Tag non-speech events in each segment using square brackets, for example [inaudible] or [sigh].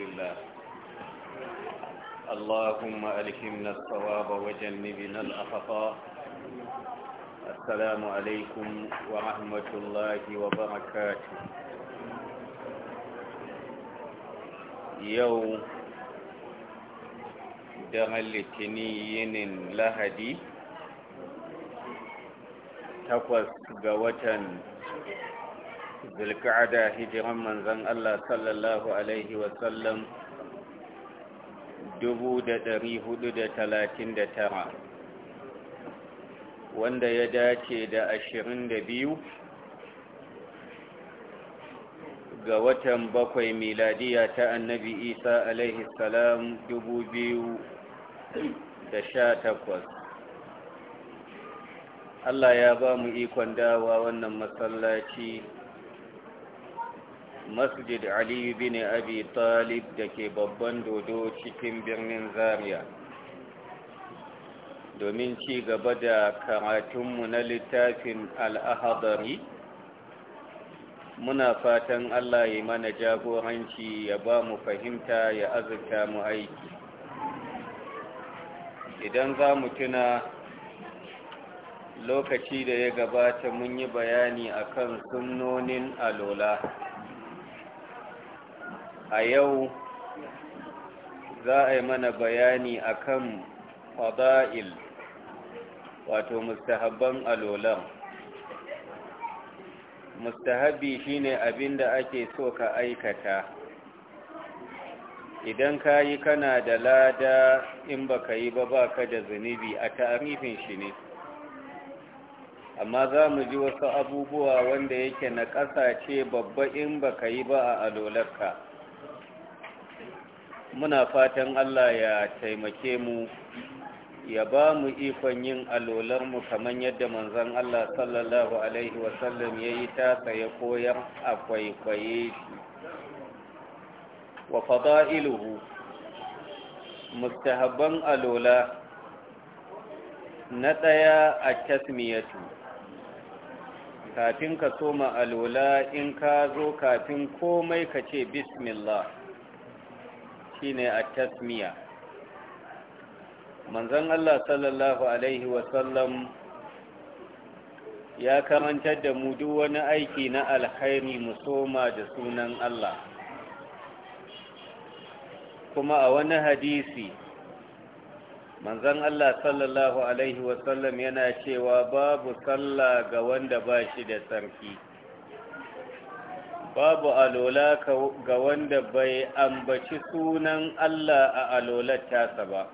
لله اللهم ألهمنا الصواب وجنبنا الأخطاء السلام عليكم ورحمة الله وبركاته يوم daren litinin lahadi takwas ga watan zulka'ada hijiran manzan Allah sallallahu Alaihi wasallam tara, wanda ya dace da ashirin da biyu ga watan bakwai miladiya ta annabi isa alaihi salam takwas. Allah ya ba mu ikon dawa wannan masallaci masjid ali bin abi talib da ke babban dodo cikin birnin zaria domin ci gaba da karatunmu na littafin al'ahadari muna fatan allah ya mana jagoranci ya ba mu fahimta ya azurta mu aiki idan za mu tuna lokaci da ya gabata mun yi bayani akan sunnonin alola a yau za a yi mana bayani akan fada'il wato mustahabban alolan mustahabi shine abin da ake so ka aikata idan ka yi kana da lada in ba ka yi ba ka da zunubi a tarifin shi ne amma za mu ji wasu abubuwa wanda yake na ƙasa ce babba in ba ka yi ba a alolarka muna fatan Allah ya taimake mu ya ba mu ikon yin alolarmu kamar yadda manzon Allah sallallahu Alaihi wasallam ya yi tasa ya koyar a kwaikwaye shi wa fada'iluhu mustahabban alola na ɗaya a tasmiyatu kafin ka soma alola in ka zo kafin komai ka ce bismillah shine at-tasmiya manzon Allah sallallahu alaihi wasallam ya karantar da mu duk wani aiki na alkhairi musoma da sunan Allah kuma a wani hadisi manzon Allah sallallahu alaihi wasallam yana cewa babu sallah ga wanda ba shi da tsarki babu alola ga wanda bai ambaci sunan Allah a alolar ba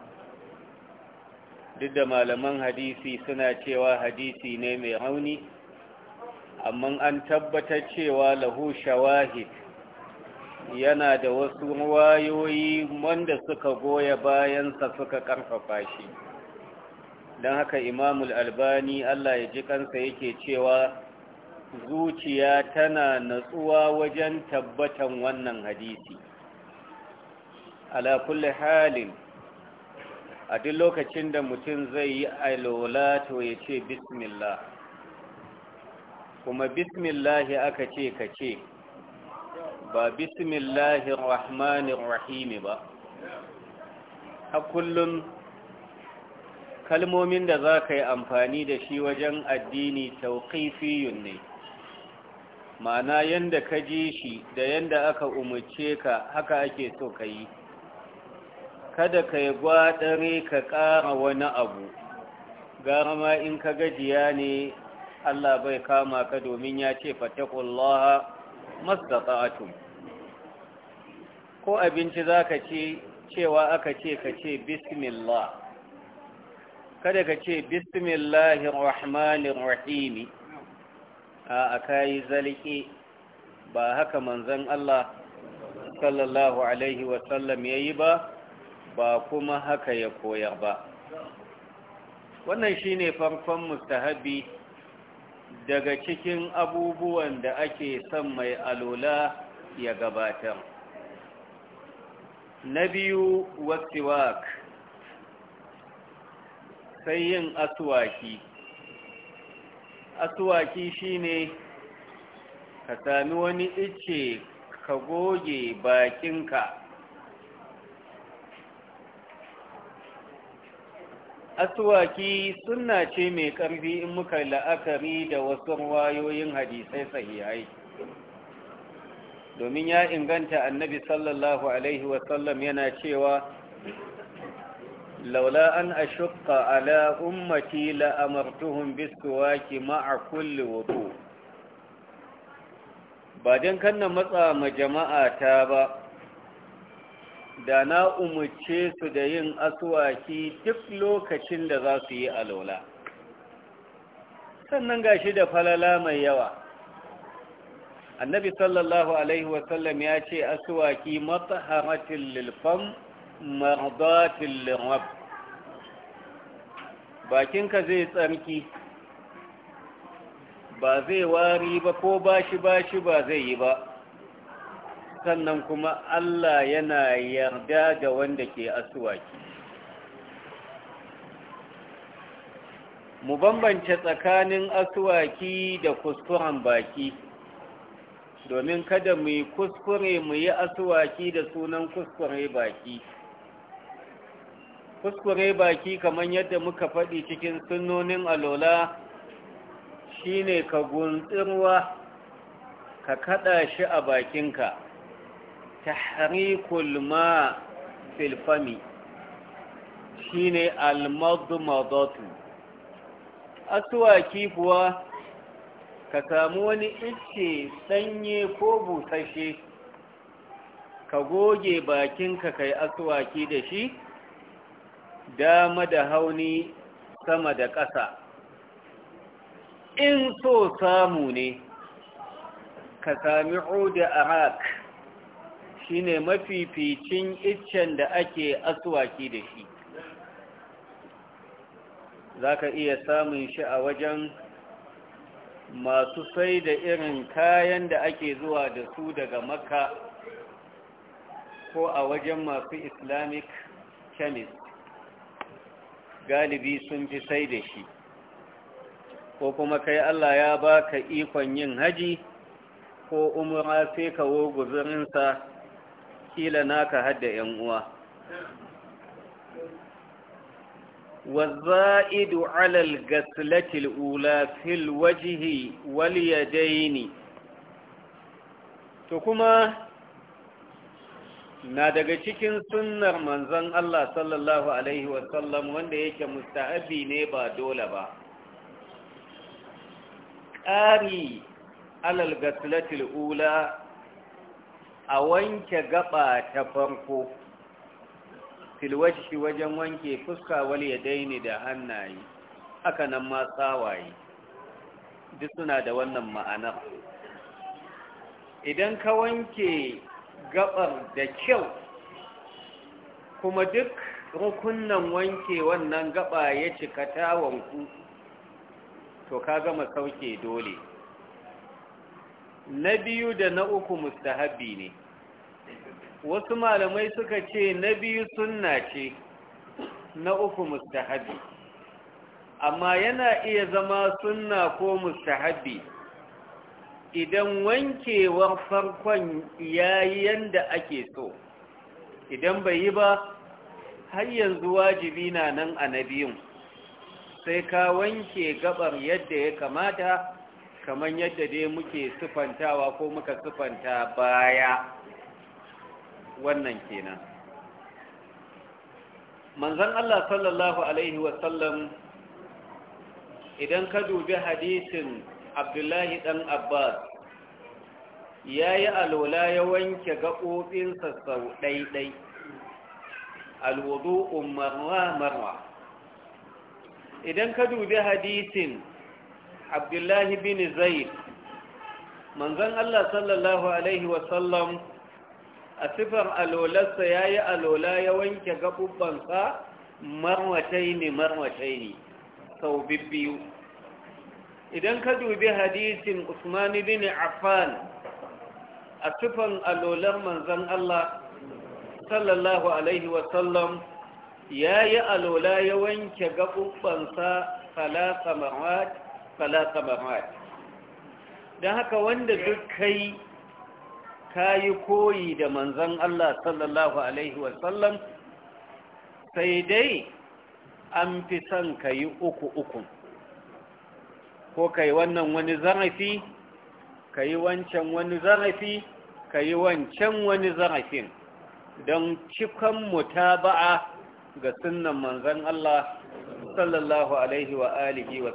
duk da malaman hadisi suna cewa hadisi ne mai rauni amma an tabbatar cewa lahu shawahid yana da wasu wayoyi wanda suka goya bayansa suka karfafa shi don haka imamul albani Allah ya ji kansa yake cewa zuciya tana natsuwa wajen tabbatan wannan hadisi ala kulli halin a duk lokacin da mutum zai yi alola to ya ce bismillah kuma bismillah aka ce ka ce ba bismillahi rahmanin rahimi ba a kullum kalmomin da za ka yi amfani da shi wajen addini tauƙifiyun ne ma'ana yanda ka ji shi da yanda aka umarce ka haka ake so ka yi kada ka yi gwadare ka ƙara wani abu gara ma in ka gajiya ne Allah bai kama ka domin ya ce fatakullaha mastata'atum ko abinci za ka ce cewa aka ce ka ce bismillah kada ka ce bismillahir rahmanir rahim a kayi zaliki ba haka manzan Allah sallallahu alaihi wasallam ya yi ba ba kuma haka ya koyar ba wannan shine farkon mustahabi daga cikin abubuwan da ake son mai alola ya gabatar na biyu wasiwak sai yin aswaki asuwaki shine ka sami wani ice ka goge bakinka asuwaki suna ce mai ƙarfi in muka la'akari da wasu wayoyin hadisai sahihai domin ya inganta annabi sallallahu alaihi wasallam yana cewa لولا أن أشق على ma'a kulle بالسواك Ba don وضوء بعدين ma jama'a ta ba, da na umarce su da yin asuwaki duk lokacin da za su yi laula. sannan gashi da falala mai yawa annabi sallallahu alaihi wasallam ya ce asuwaki matsaharatin lilfam mardatin lirab bakinka zai tsarki ba zai wari ba ko bashi bashi ba zai yi ba sannan kuma Allah yana yarda da wanda ke asuwaki mu bambance tsakanin asuwaki da kuskuren baki domin kada mu yi kuskure mu yi asuwaki da sunan kuskure baki kuskure baki kamar yadda muka faɗi cikin sunnonin alola shine ka guntsirwa ka kada shi a bakinka tahrikul ma fil fami shine almadmadatu aswaki kuwa ka samu wani icce sanye ko busashe ka goge bakinka kai aswaki da shi dama da hauni sama da ƙasa in so samu ne ka sami oda arak ne mafificin iccen da ake aswaki da shi za ka iya samun shi a wajen masu sai da irin kayan da ake zuwa da su daga makka ko a wajen masu islamic chemist galibi sun fi sai da shi ko kuma kai Allah ya baka ikon yin haji ko umura sai ka wo guzurinsa kila naka hadda yan uwa والزائد على القتلة الأولى في الوجه واليدين تكما na daga cikin sunnar manzon Allah sallallahu alaihi wasallam wanda yake mustahabi ne ba dole ba ƙari alal gaslatil ula a wanke gaba ta farko filwashi wajen wanke fuska wal ya daini da hannaye aka nan ma tsawaye duk suna da wannan ma'anar idan ka wanke gabar da kyau kuma duk rukunnan wanke wannan gaba ya cika tawanku to ka gama sauke dole na biyu da na uku mustahabi ne wasu malamai suka ce na biyu sunna ce na uku mustahabi amma yana iya zama sunna ko mustahabi idan wankewar farkon yayi yanda ake so idan bai yi ba har yanzu wajibi na nan a na biyun sai ka wanke gabar yadda ya kamata kamar yadda dai muke sufantawa ko muka sufanta baya wannan kenan manzon Allah sallallahu alaihi wasallam idan ka dubi hadisin abdullahi ɗan abbas ya yi alola ya wanke gaɓoɓinsa sau ɗaiɗai alwudu umarwa-marwa idan ka dubi hadisin abdullahi bin zaid manzon allah sallallahu alaihi wasallam a sifar alolarsa ya yi alola ya wanke gaɓuɓɓansa marwatai ne marwatai ne sau bibbiyu idan ka dubi hadisin Usman bin Affan a tufan alolar manzan Allah sallallahu alaihi wasallam ya yi alola ya wanke gaɓuɓɓansa falasa marat don haka wanda duk kai ka yi koyi da manzan Allah sallallahu alaihi wasallam sai dai an fi son ka yi uku ukun ko ka yi wannan wani zarafi ka yi wancan wani zarafi ka yi wancan wani zarafin don cikon mutaba'a ga sunan manzan Allah sallallahu alaihi wa alihi wa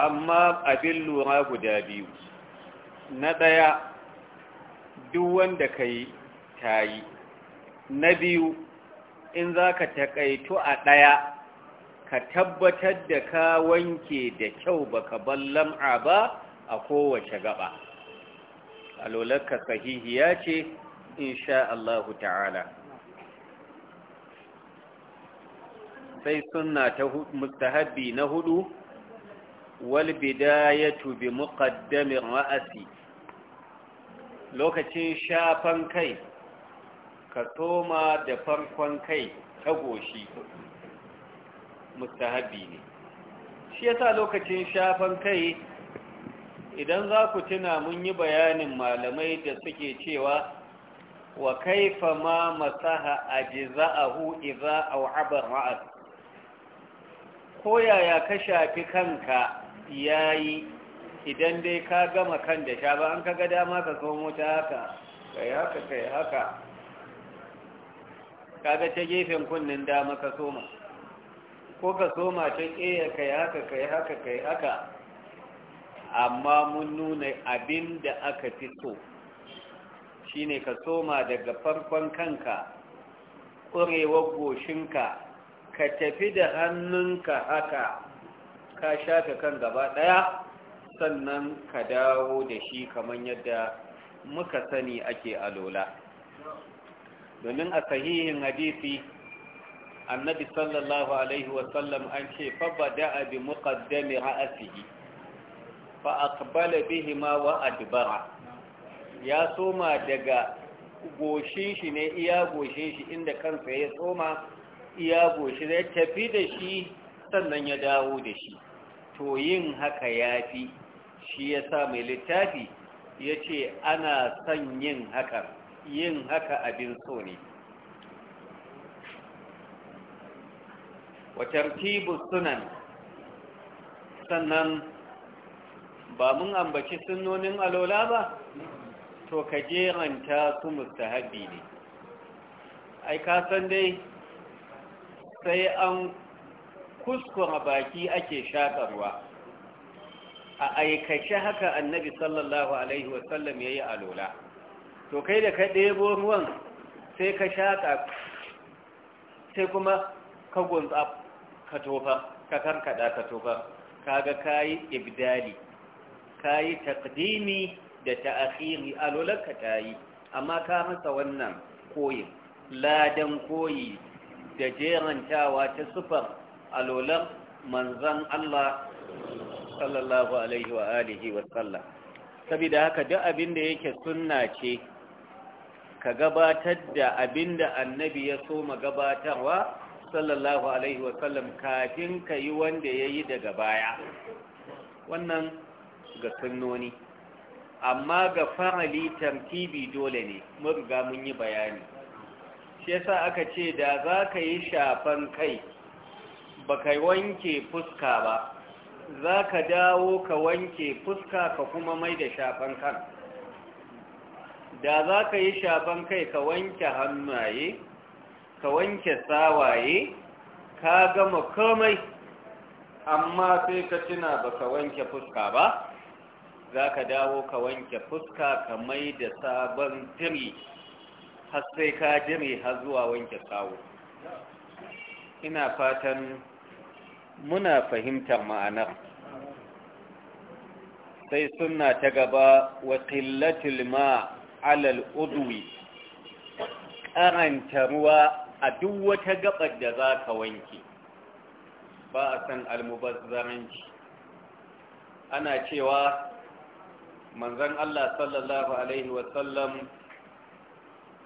amma abin lura guda biyu na ɗaya duk wanda ka yi ta yi na biyu in za ka taƙaitu a ɗaya ka tabbatar da ka wanke da kyau baka ballam'a ba a kowace gaba alolarka sahihiya ce insha Allah ta'ala sai suna ta mustahabi na hudu wal bidayatu bi muqaddamin ra'asi lokacin shafan kai ka toma da farkon kai ta goshi mustahabi ne shi yasa lokacin shafan kai idan za ku tuna mun yi bayanin malamai da suke cewa wa kaifa ma masaha ajza'ahu idza aw'aba ra'as ko yaya ka shafi kanka yayi idan dai ka gama kan da shafa an kaga dama ka so mota haka kai haka kai haka kaga ta gefen kunnin dama ka soma ko ka soma macen ƙeya ya kai haka ka haka ka haka amma mun nuna abin da aka fi so shi ne ka soma daga farkon kanka ƙurewar goshinka ka tafi da hannunka haka ka shafe kan gaba ɗaya sannan ka dawo da shi kamar yadda muka sani ake alola domin a sahihin hadisi annabi sallallahu alaihi wasallam an ce fabada bi muqaddami ra'asihi fa aqbala ma wa adbara ya soma daga goshin shi ne iya goshin shi inda kansa ya soma iya goshi zai tafi da shi sannan ya dawo da shi to yin haka yafi shi ya sa mai littafi ya ce ana son yin haka yin haka abin so ne wa sunan sannan ba mun ambaci sunnonin alola ba to ka jeranta su mustahabi ne ai ka san dai sai an kuskura baki ake shakarwa a aikace haka annabi sallallahu alaihi wasallam ya yi alola to kai da ka ɗebo ruwan sai ka shaƙa sai kuma ka gunza ka tofa ka karkada ka tofa kaga kayi ibdali kayi taqdimi da ta'khiri alulaka tayi amma ka masa wannan koyi. ladan koyi da jerantawa ta sufar alolan manzan Allah sallallahu alaihi wa alihi wa sallam saboda haka duk abin da yake sunna ce ka gabatar da abin da annabi ya so magabatarwa gabatarwa sallallahu alaihi wasallam kafin ka yi wanda ya yi daga baya wannan ga sunnoni amma ga fa’ali tartibi dole ne murga mun yi bayani shi yasa aka ce da za ka yi shafan kai ba ka wanke fuska ba za ka dawo ka wanke fuska ka kuma mai da shafan kan da za ka yi shafan kai ka wanke hannaye ka wanke sawaye ka gama komai amma sai ka tuna ba ka wanke fuska ba za ka dawo ka wanke fuska ka mai da sabon jiri har sai ka jiri har zuwa wanke sawo ina fatan muna fahimtar ma'anar sai suna ta gaba wa ƙillatul ma alal udwi ƙaranta ruwa a duk wata gabar da za ka wanke ba a san almubazzaranci ana cewa manzan Allah sallallahu Alaihi wasallam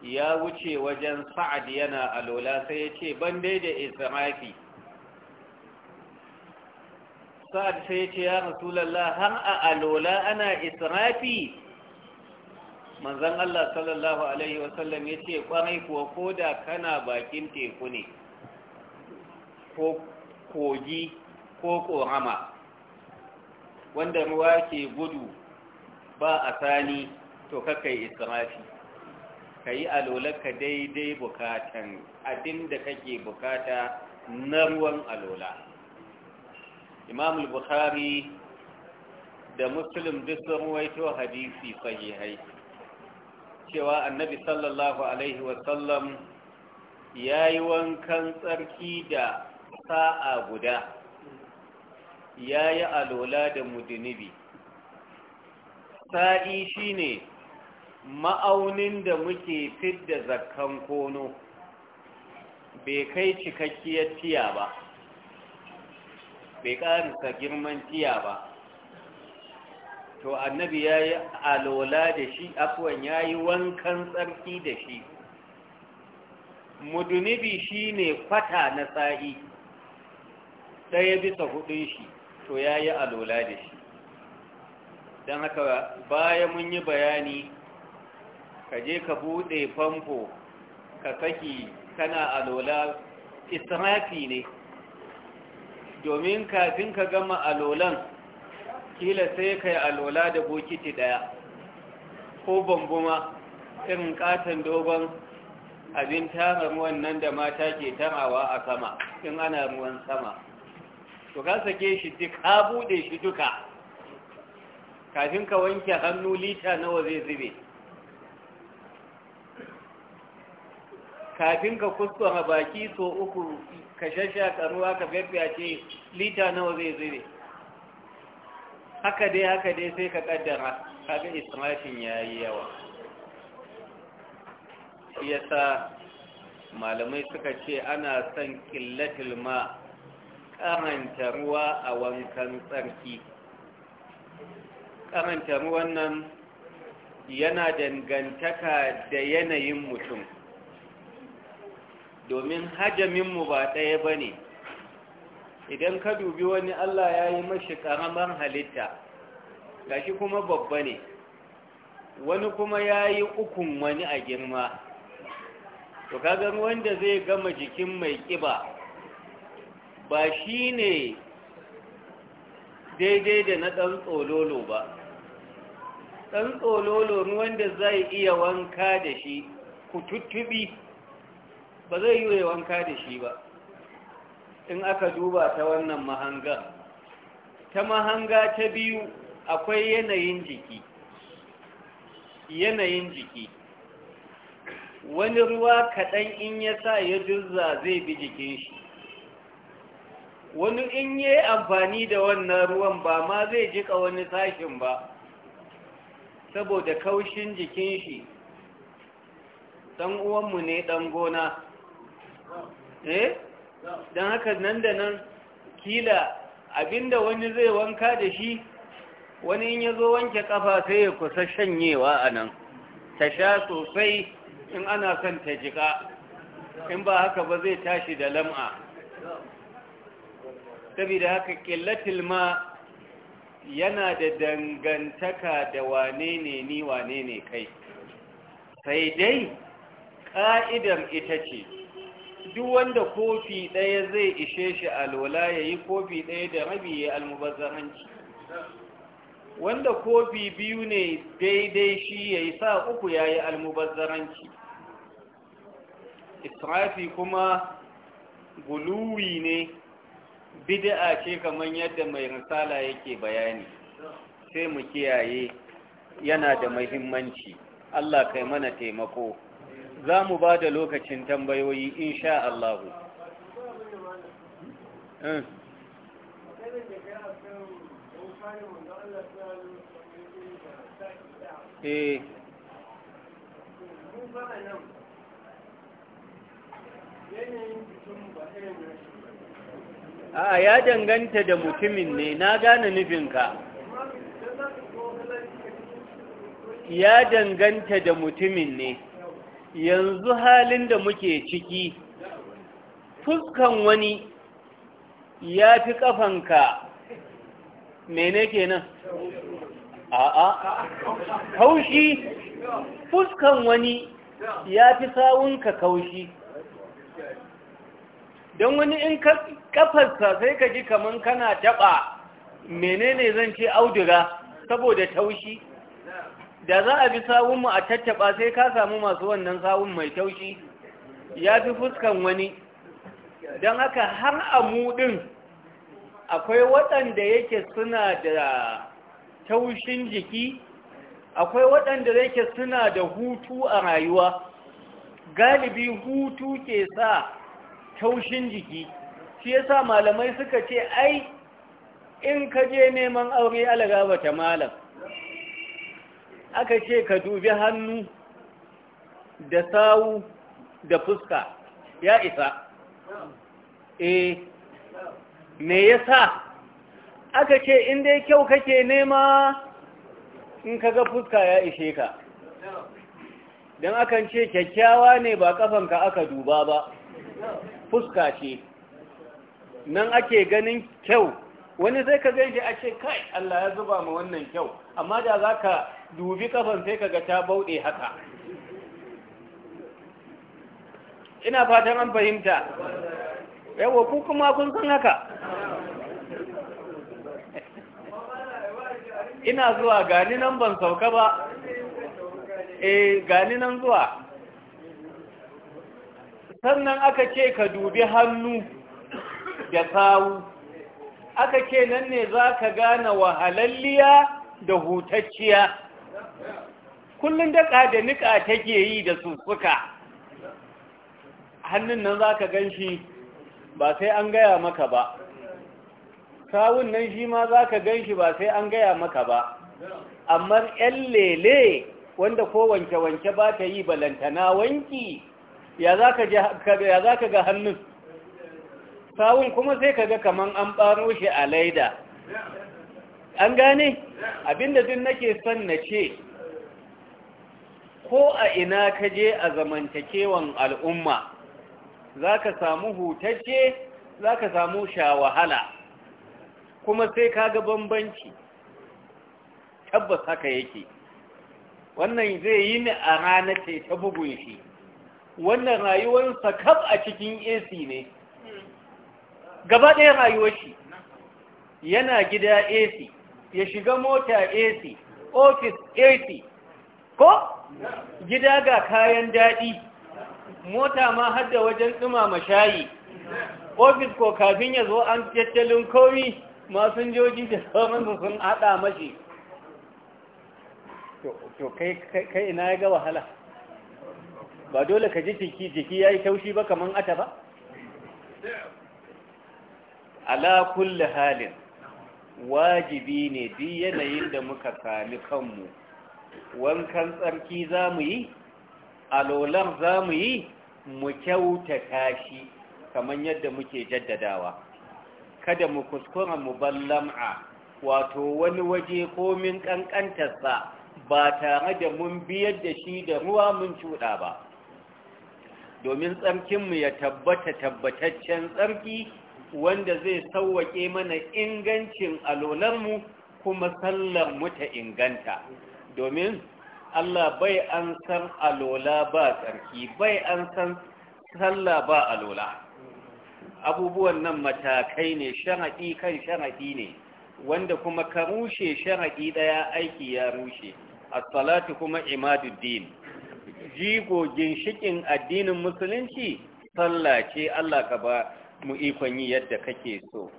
ya wuce wajen sa'ad yana alola sai ya ce ban dai da israfi sa'ad sai ya ce ya rasulallah har a alola ana israfi manzon Allah sallallahu alaihi wasallam yace kwarai kuwa koda kana bakin teku ne ko kogi ko korama wanda ruwa ke gudu ba a sani to kakai israfi ka yi alolaka daidai bukatan adin da kake bukata na ruwan alola imam bukhari da muslim duk sun ruwaito hadisi sahihai cewa annabi sallallahu alaihi wasallam ya yi wankan tsarki da sa'a guda ya yi alola da mudinibi sa'i shine ma'aunin da muke fidda zakkan kono bai kai cikakkiyar tiya ba bai ƙarisa girman tiya ba to annabi ya yi alola da shi afuwan ya yi wankan tsarki da shi Mudunibi shi ne kwata na sa'i ɗaya bisa hudun shi to ya yi alola da shi don haka baya mun yi bayani ka je ka buɗe famfo ka saki kana alola israfi ne domin kafin ka gama alolan kila sai ka yi alola da bokiti daya ko bambuma irin katon dogon abin tara ruwan nan da mata ke tarawa a sama in ana ruwan sama to ka sake shi duk ka bude shi duka kafin ka wanke hannu lita nawa zai zube kafin ka kuskura baki so uku ka shashaka ruwa ka ce lita nawa zai zube haka dai haka dai sai ka kaddara kaga israfin yayi yawa shi yasa malamai suka ce ana son killatul ma karanta ruwa a wankan tsarki karanta ruwan nan yana dangantaka da yanayin mutum domin mu ba ɗaya ba ne idan ka dubi wani Allah ya yi mashi ƙaramar halitta ga shi kuma babba ne wani kuma ya yi ukun wani a girma to ruwan wanda zai gama jikin mai ƙiba ba shi ne daidai da na ɗan tsololo ba ɗan tsololo wanda zai iya wanka da shi ku tuttubi ba zai yi wanka da shi ba in aka duba ta wannan mahanga ta mahanga ta biyu akwai yanayin jiki yanayin jiki wani ruwa kaɗan in ya sa ya jirza zai bi jikin shi wani in yi amfani da wannan ruwan ba ma zai jika wani sashin ba saboda kaushin jikin shi ɗan uwanmu ne ɗan gona eh don haka nan da nan kila abinda wani zai wanka da shi wani in ya zo wanke kafa sai ya kusa shanyewa a nan ta sha sosai in ana son ta jika in ba haka ba zai tashi da lam'a saboda haka ƙillatil ma yana da dangantaka da wane ne ni wane ne kai sai dai ƙa'idar ita ce duk wanda kofi ɗaya zai ishe shi alwala ya yi kofi ɗaya da rabi ya almubazzaranci wanda kofi biyu ne daidai shi ya yi sa uku ya yi almubazzaranci israfi kuma guluwi ne bida'a ce kamar yadda mai risala yake bayani sai mu kiyaye yana da mahimmanci Allah kai mana taimako za mu ba da lokacin tambayoyi insha Allah eh, eh. a ya danganta da mutumin ne na gane nufinka ya danganta da mutumin ne yanzu halin da muke ciki fuskan wani ya fi ƙafanka mene kenan a'a kaushi fuskan wani ya fi sawunka kaushi don wani in ka kafarsa sai ka ji kaman kana taɓa menene zan ce audura saboda taushi da za a bi sawunmu a tattaɓa sai ka samu masu wannan sawun mai taushi ya fi fuskan wani don haka har a mudin akwai waɗanda yake suna da taushin jiki akwai waɗanda yake suna da hutu a rayuwa galibi hutu ke sa taushin jiki shi ya sa malamai suka ce ai in ka je neman aure alaga ta malam aka ce ka dubi hannu da sawu da fuska ya isa e me yasa aka ce in dai kyau kake nema in kaga fuska ya ishe ka don akan ce kyakkyawa ne ba kafanka aka duba ba fuska ce nan ake ganin kyau wani sai ka gaishe a ce kai Allah ya zuba ma wannan kyau amma da za ka dubi kafan sai ka ga ta bauɗe haka ina fatan an fahimta yawa ku kuma kun san haka ina zuwa gani nan ban sauka ba eh gani nan zuwa sannan aka ce ka dubi hannu da sawu aka ce nan ne za ka gane wahalalliya da hutacciya kullum daƙa da niƙa take yi da sussuka hannun nan za ka gan shi ba sai an gaya maka ba kawun nan shi ma za ka gan shi ba sai an gaya maka ba amma ‘yan lele wanda ko wanke-wanke ba ta yi balantana wanki ya za ka ga hannun sawun kuma sai kaga kaman an ɓaro shi a laida an gane abinda duk nake son na ce ko a ina ka je a zamantakewan al'umma za ka samu hutacce za ka samu shawahala kuma sai kaga bambanci tabbas haka yake wannan zai yi ni a ranar ta bugun shi wannan rayuwarsa kaf a cikin AC ne gaba ɗaya rayuwar shi yana gida AC ya shiga mota AC ofis AC ko gida ga kayan daɗi mota ma da wajen tsumama shayi ofis ko kafin ya zo an tattalin komi joji da sauransu sun haɗa mashi to kai ina ya ga wahala ba dole ka ji jiki jiki ya yi taushi ba kamar ata ba ala kulli halin wajibi ne bi yanayin da muka sami kanmu wankan tsarki za mu yi alolar za mu yi mu kyauta kashi. kamar yadda muke jaddadawa kada mu kuskura mu ballam'a wato wani waje komin kankantarsa ba tare da mun biyar da shi da ruwa mun cuɗa ba domin tsarkinmu ya tabbata tabbataccen tsarki wanda zai sauwaƙe mana ingancin mu kuma sallar mu ta inganta domin Allah bai an san alola ba tsarki bai an san sallah ba alola abubuwan nan matakai ne sharaɗi kan sharaɗi ne wanda kuma ka rushe sharaɗi ɗaya aiki ya rushe as-salatu kuma imaduddin jigo ginshikin addinin musulunci sallah ce Allah ka ba mu ikon yi yadda kake so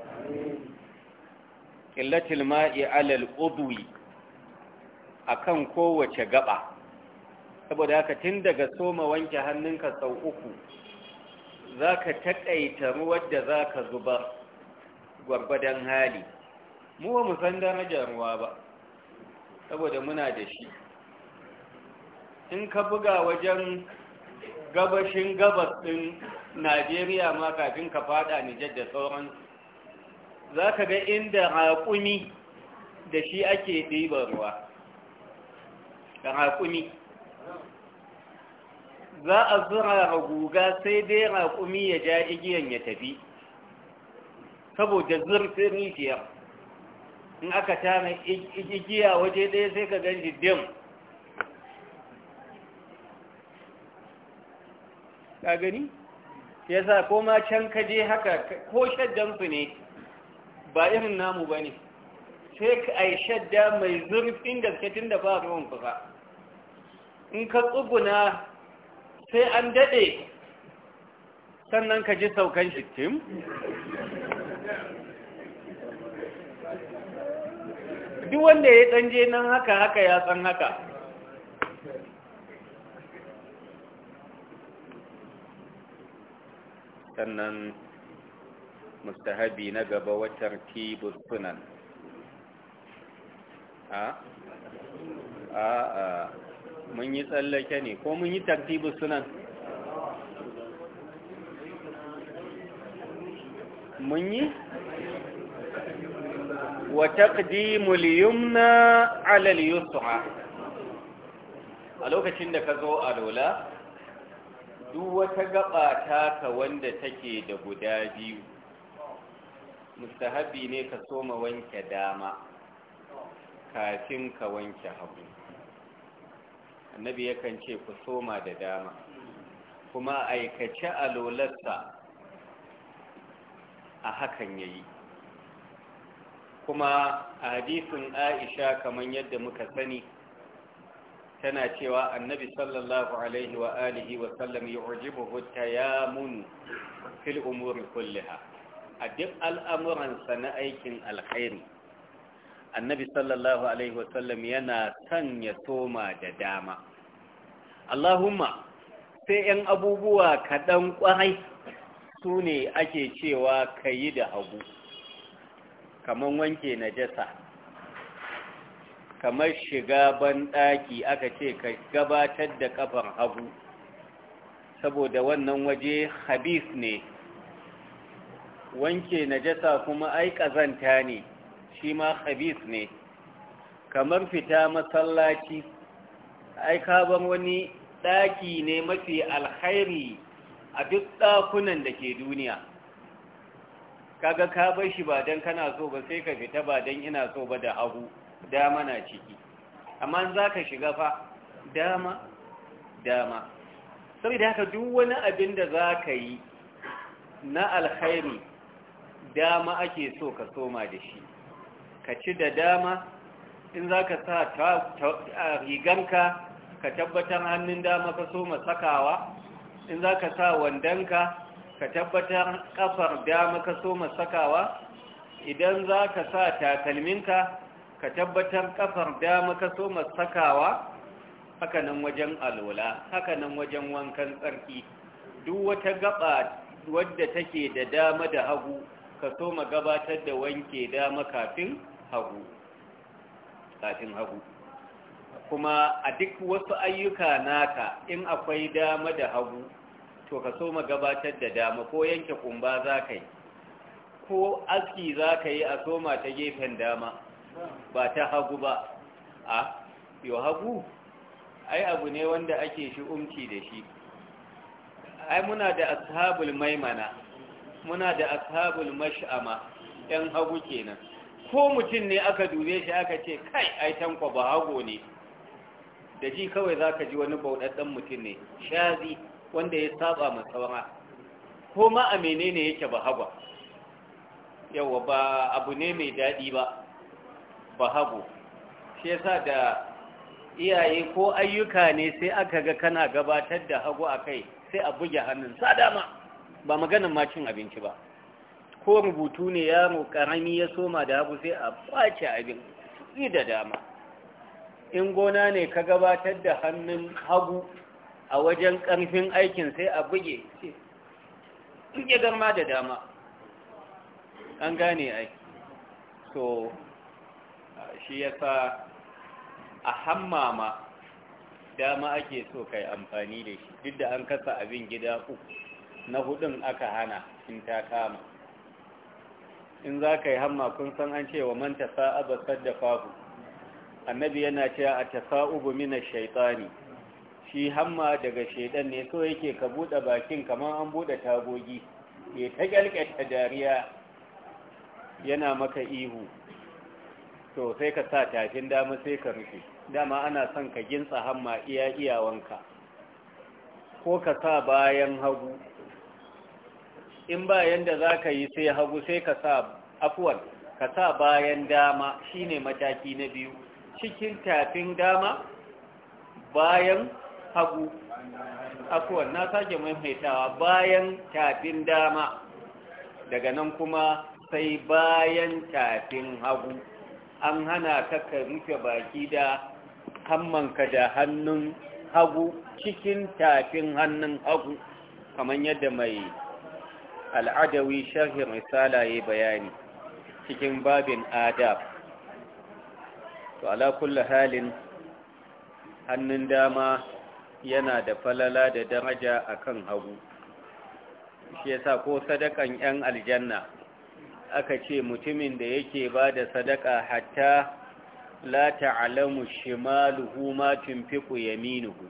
ƙillatil ma'i alal udwi akan kowace gaba saboda haka tun daga soma wanke hannunka sau uku za ka taƙaita da za ka zubar gwargwadon hali mu ba mu san darajar ruwa ba saboda muna da shi in ka buga wajen gabashin gabas ɗin najeriya ma kafin ka fada nijar da sauran za ka ga inda raƙumi da shi ake ɗiban ruwa raƙumi za a zura raguga sai dai raƙumi ya ja igiyan ya tafi saboda zurfin rijiyar in aka tara igiya waje ɗaya sai ka gan jiddin ka gani? ya sa ko ma can kaje je haka ko shaddansu ne ba irin namu ba ne sai ka ai shadda mai zurfin gaske tun da ba ruwan fuka in ka tsuguna sai an daɗe sannan ka ji saukan shittim duk wanda ya tsanje nan haka haka ya san haka sannan mustahabi na gaba watar tibus sunan a a a mun yi tsallake ne ko mun yi tartibus sunan mun yi wa taqdimul yumna ala al-yusra a lokacin da ka zo a lola duk wata gaba taka wanda take da guda biyu mustahabi ne ka soma wanke dama kafin ka wanke hagu annabi yakan ce ku soma da dama kuma aikace a lolarsa a hakan yayi kuma a hadisin aisha kamar yadda muka sani tana cewa annabi sallallahu alaihi wa alihi wa sallam yu'jibuhu tayamun fil umuri kulliha a duk al'amuransa na aikin alkhairi annabi sallallahu alaihi wa sallam yana san ya toma da dama Allahumma sai ‘yan abubuwa kaɗan ƙwarai su ne ake cewa kayi da abu kamar wanke najasa kamar shiga banɗaki aka ce ka gabatar da ƙafar hagu saboda wannan waje habis ne wanke najasa kuma ai ƙazanta ne shi ma habis ne kamar fita masallaci ai kaban wani ɗaki ne mafi alkhairi a duk ɗakunan da ke duniya kaga ka bar shi ba don kana so ba sai ka fita ba don ina so ba da hagu dama na ciki amma za ka shiga fa dama dama saboda haka duk wani abin da za ka yi na alkhairi dama ake so ka soma da shi ka ci da dama in za ka sa riganka ka tabbatar hannun dama ka soma sakawa in za ka sa wandonka ka tabbatar kafar dama ka soma sakawa idan za ka sa takalminka ka tabbatar kafar dama ka so sakawa hakanan wajen alwala hakanan wajen wankan tsarki duk wata gaba wadda take da dama da hagu ka so ma gabatar da wanke dama kafin hagu kafin hagu kuma a duk wasu ayyuka naka in akwai dama da hagu to ka so gabatar da dama ko yanke kumba za ka yi ko aski za ka yi a soma ta gefen dama ba ta hagu ba a yau hagu ai abu ne wanda ake shi umci da shi ai muna da ashabul maimana muna da ashabul mash'ama ɗan hagu kenan ko mutum ne aka dube shi aka ce kai ai tankwa ba hago ne da ji kawai za ka ji wani bauɗaɗɗen mutum ne shazi wanda ya saba saura. ko ma a menene yake ba hagwa Yau ba abu ne mai daɗi ba bahabu shi yasa da iyaye ko ayyuka ne sai aka ga kana gabatar da hagu a kai sai a buge hannun sadama ba maganin macin abinci ba ko rubutu ne yaro karami ya soma da hagu sai a kwace abin yi da dama in gona ne ka gabatar da hannun hagu a wajen karfin aikin sai a buge buge garma da dama an gane ai so shi yasa a hammama dama ake so kai amfani da shi duk da an kasa abin gida uku na hudun aka hana in ta kama in za ka yi hamma kun san an ce wa manta sa'aba saddafahu annabi yana ce a tasa'ubu mina shaitani shi hamma daga shaidan ne so yake ka buɗe bakin kamar an buɗe tagogi ya ta ta dariya yana maka ihu to sai ka sa tafin dama sai ka rufe dama ana son ka gintsa hamma iya iyawanka ko ka sa bayan hagu in bayan da za ka yi sai hagu sai ka sa afuwan ka sa bayan dama shine mataki na biyu cikin tafin dama bayan hagu afuwan na sake maimaitawa bayan tafin dama daga nan kuma sai bayan tafin hagu an hana ka ka rufe baki da hammanka da hannun hagu cikin tafin hannun hagu kamar yadda mai al'adawi sharhin risala ya bayani cikin babin adab to ala kulli halin hannun dama yana da falala da daraja akan hagu shi yasa ko sadakan yan aljanna aka ce mutumin da yake ba da sadaka hatta la ta'lamu shimaluhu ma tunfiqu yaminuhu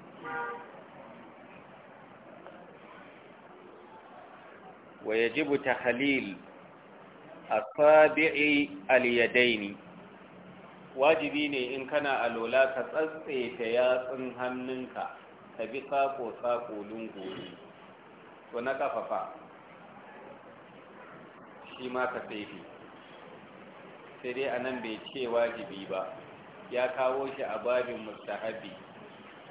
tahlil تخليل أصابع اليدين wajibi ne in kana alola ka tsatse ta yatsun hannunka ka bi sako-sako lungu to na kafafa shi ma ka saifi sai dai a nan bai ce wajibi ba ya kawo shi a babin mustahabi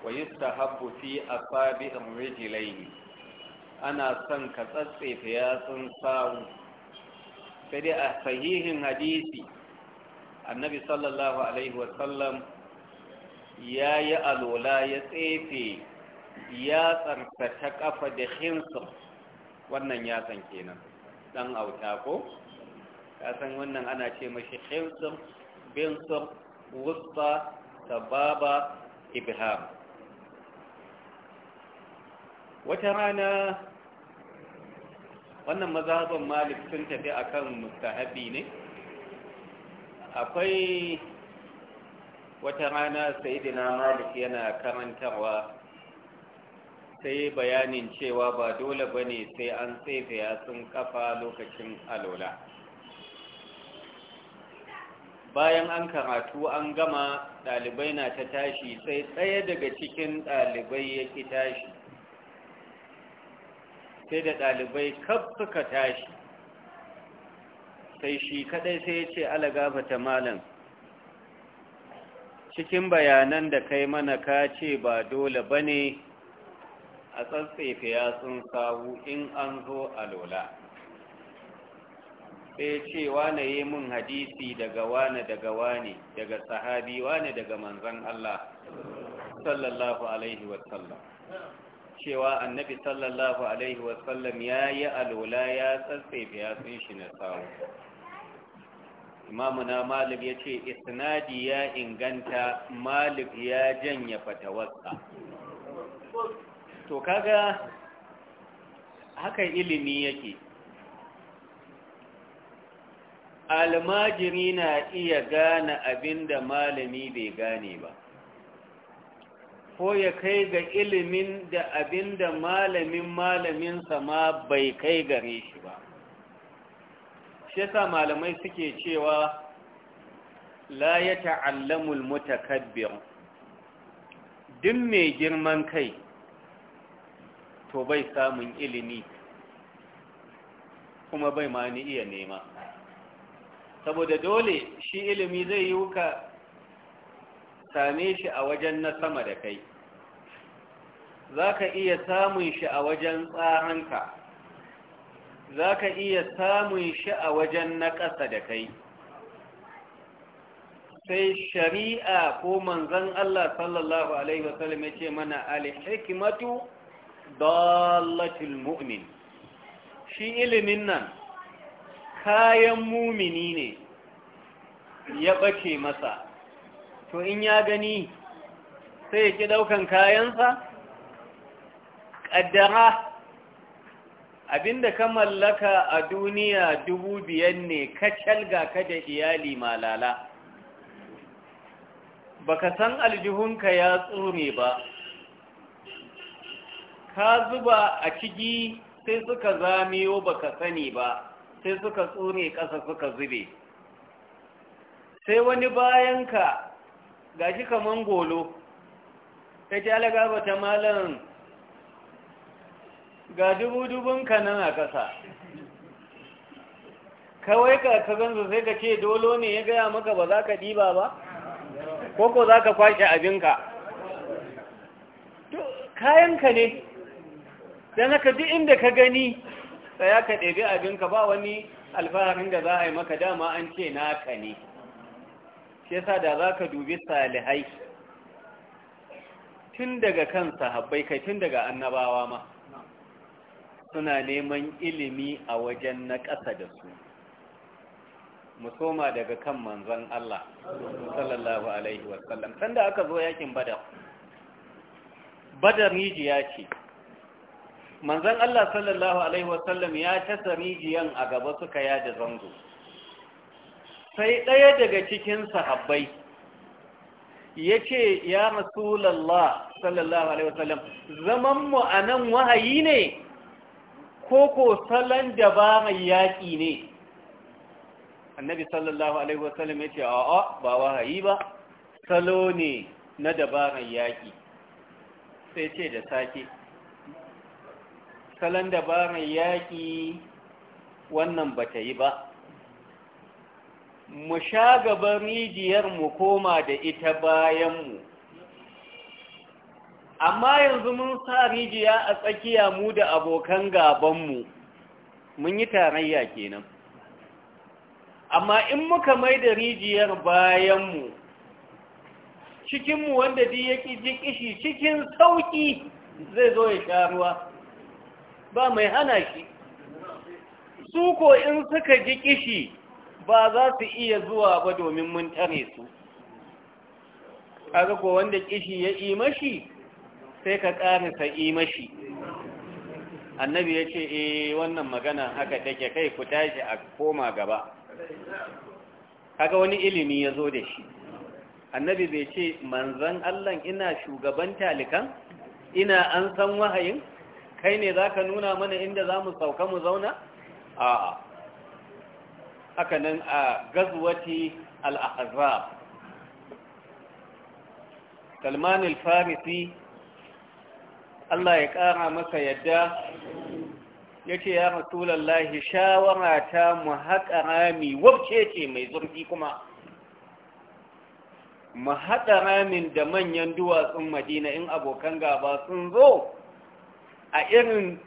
wa sahabu fi asabi'in ne. ana son ka ya yatsun sawu sai dai a sahihin hadisi annabi sallallahu alaihi wasallam ya yi alola ya tsefe yatsarsa ta kafa da hinsu wannan yatsan kenan dan auta ko kasan wannan ana ce mashi khilsum binsum wusta sababa ibham wata rana wannan mazhaban malik sun tafi akan mustahabi ne akwai wata rana sayyidina malik yana karantarwa sai bayanin cewa ba dole ba ne sai an tsefe yatsun kafa lokacin alola bayan an karatu an gama ɗalibai na ta tashi sai tsaye daga cikin ɗalibai ya ƙi tashi sai da ɗalibai kaf suka tashi sai shi kaɗai sai ce alagafa ta malam cikin bayanan da kai mana ka ce ba dole ba ne a tsatsefe sun sawu in an zo a lola. sai ce wane yi mun hadisi daga wane daga wane daga sahabi wane daga manzan Allah sallallahu alaihi wasallam cewa annabi sallallahu alaihi wasallam ya yi a lola, ya tsatsefe sun shi na sawu imamuna malib ya ce isnadi ya inganta malib ya janya fatawarsa to kaga hakan ilimi yake almajiri na iya gane abin da malami bai gane ba ko ya kai ga ilimin da abinda da malamin malaminsa ma bai kai gare shi ba shi yasa malamai suke cewa la ya ta'allamul mutakabbir din mai girman kai to bai samun ilimi kuma bai ma ni iya nema saboda dole shi ilimi zai yi ka same shi a wajen na sama da kai za ka iya samun shi a wajen tsaranka za ka iya samun shi a wajen na ƙasa da kai sai shari'a ko manzan Allah sallallahu Alaihi wasallam ya ce mana alihikimatu dalatul mu'min shi ilimin nan kayan mumini ne ya bace masa to in ya gani sai ya ki daukan kayansa ƙaddara abinda ka mallaka a duniya dubu biyan ne ka ga ka da iyali malala baka san aljihunka ya tsune ba ka zuba a ciki sai suka zamiyo baka sani ba sai suka tsure ƙasa suka zube sai wani bayanka shi kamar golo ta ji alaga ta malam ga dubu-dubun ka nan a ƙasa kawai ka ganzu sai ka ce dolo ne ya gaya maka ba za ka ɗiba ba ko ko za ka kwashe abinka kayanka ne don haka duk inda ka gani tsaya ka ɗabi ka, ba wani alfaharin da za a yi maka dama an ce naka ne shi yasa da za ka dubi salihai tun daga kan sahabbai kai tun daga annabawa ma suna neman ilimi a wajen na ƙasa da su musoma daga kan manzon Allah sallallahu alaihi wasallam sanda aka zo yakin badar badar rijiya ce manzon Allah sallallahu alaihi wasallam ya tasa rijiyan a gaba suka yada zango sai ɗaya daga cikin sahabbai ya ce ya rasulallah sallallahu alaihi wasallam zamanmu a nan wahayi ne ko ko salon dabarar yaƙi ne annabi sallallahu alaihi wasallam ya ce a'a ba wahayi ba salo ne na dabarar yaƙi sai ce da sake salon dabarar yaƙi wannan ba ta yi ba mu sha gaban rijiyar mu koma da ita bayanmu amma yanzu mun sa rijiya a tsakiya mu da abokan gabanmu mun yi tarayya kenan amma in muka mai da rijiyar bayanmu cikinmu wanda duk ya ƙi ji ƙishi cikin sauƙi zai zo ya sha ruwa ba mai hana shi su ko in suka ji kishi ba za su iya zuwa ba domin mun tare su kaga ko wanda kishi ya yi mashi sai ka karisa yi mashi annabi ya ce eh wannan magana haka take kai ku tashi a koma gaba kaga wani ilimi ya zo da shi annabi bai ce manzan Allah ina shugaban talikan ina an san wahayin kai ne za ka nuna mana inda za mu sauka mu zauna? a haka nan a gazuwati al'azab salman farisi Allah ya ƙara maka yadda ya ce ya rasulallahi shawara ta mu haƙa rami wabce ce mai zurfi kuma mu haɗa ramin da manyan duwatsun madina in abokan gaba sun zo a irin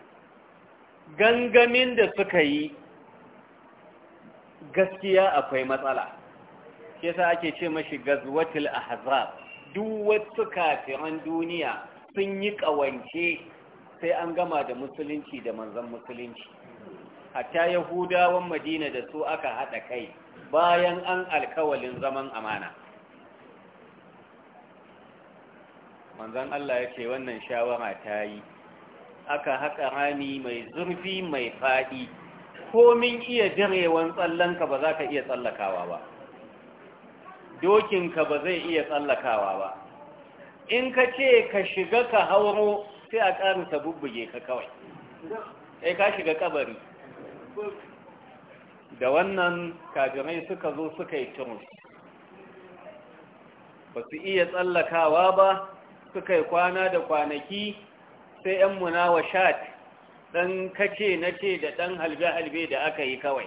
gangamin da suka yi gaskiya akwai matsala shi yasa ake ce mashi gazwatul ahzab duk wasu kafiran duniya sun yi kawance sai an gama da musulunci da manzon musulunci hatta yahudawan madina da su aka haɗa kai bayan an alkawalin zaman amana manzon Allah ya ce wannan shawara ta yi aka haƙa rami mai zurfi mai faɗi komin iya jirewan tsallanka ba za ka iya tsallakawa ba dokinka ba zai iya tsallakawa ba in ka ce ka shiga ka hauro sai a ta bubbuge ka kawai sai ka shiga kabari da wannan kajirai suka zo suka yi turus ba su iya tsallakawa ba suka yi kwana da kwanaki sai ‘yan Shad ɗan kace na ce da ɗan halbe-halbe da aka yi kawai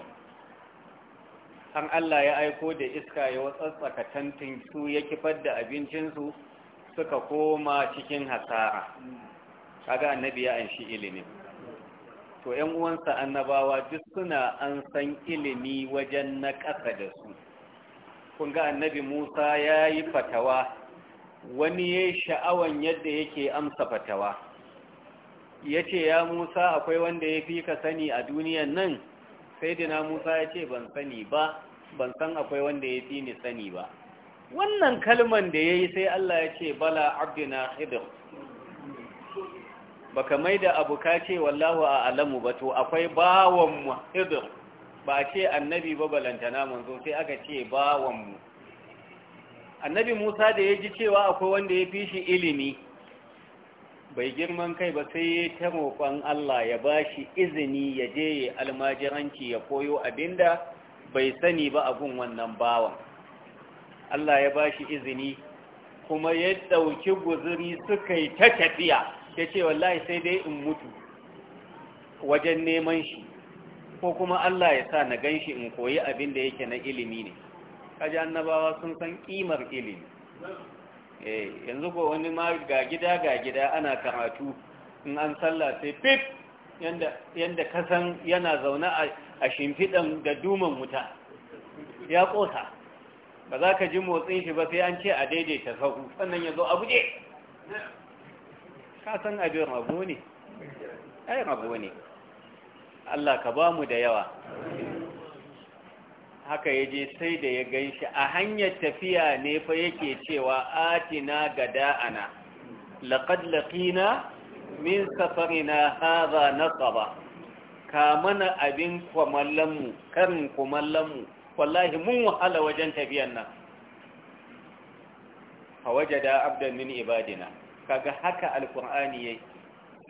an Allah ya aiko da iska ya watsatsaka tantin su ya kifar da abincinsu suka koma cikin hasara kaga annabi ya anshi ilimin to ‘yan uwansa annabawa duk suna an san ilimi wajen na ƙasa da su kun ga annabi musa ya yi fatawa wani ya sha'awan yadda yake amsa fatawa ya ce ya musa akwai wanda ya fi ka sani a duniyan nan sai dina musa ya ce ban sani ba ban san akwai wanda ya fi ni sani ba wannan kalman da ya yi sai allah ya ce bala abdina hidir baka mai da abu ka ce wallahu a alamu ba to akwai bawanmu hidir ba ce annabi ba balantana zo sai aka ce bawanmu annabi musa da ya ji cewa akwai wanda ya fi shi ilimi bai girman kai ba sai ta roƙon Allah ya ba shi izini ya je ya almajiranci ya koyo abinda bai sani ba abun wannan bawan Allah ya ba shi izini kuma ya ɗauki guzuri suka yi ta tafiya ya ce wallahi sai dai in mutu wajen neman shi ko kuma Allah ya sa na gan shi in koyi abinda yake na ilimi ne kaji annabawa sun san ƙimar ilimi Eh, yanzu ko wani ma ga gida ga gida ana karatu in an sallah sai pip yanda kasan yana zaune a shimfiɗan da duman wuta ya ƙosa ba za ka ji motsin shi ba sai an ce a daidaita sahu sannan ya zo abu ne kasan abin rabo ne ai rabo ne Allah ka ba mu da yawa haka ya je sai da ya gan shi a hanyar tafiya ne fa yake cewa atina gada'ana laƙad laƙina min safarina na tsaba. ka mana abin kwamallonmu karin kwamallonmu wallahi mun wahala wajen tafiyan nan a waje da abdan min ibadina kaga haka alkur'ani ya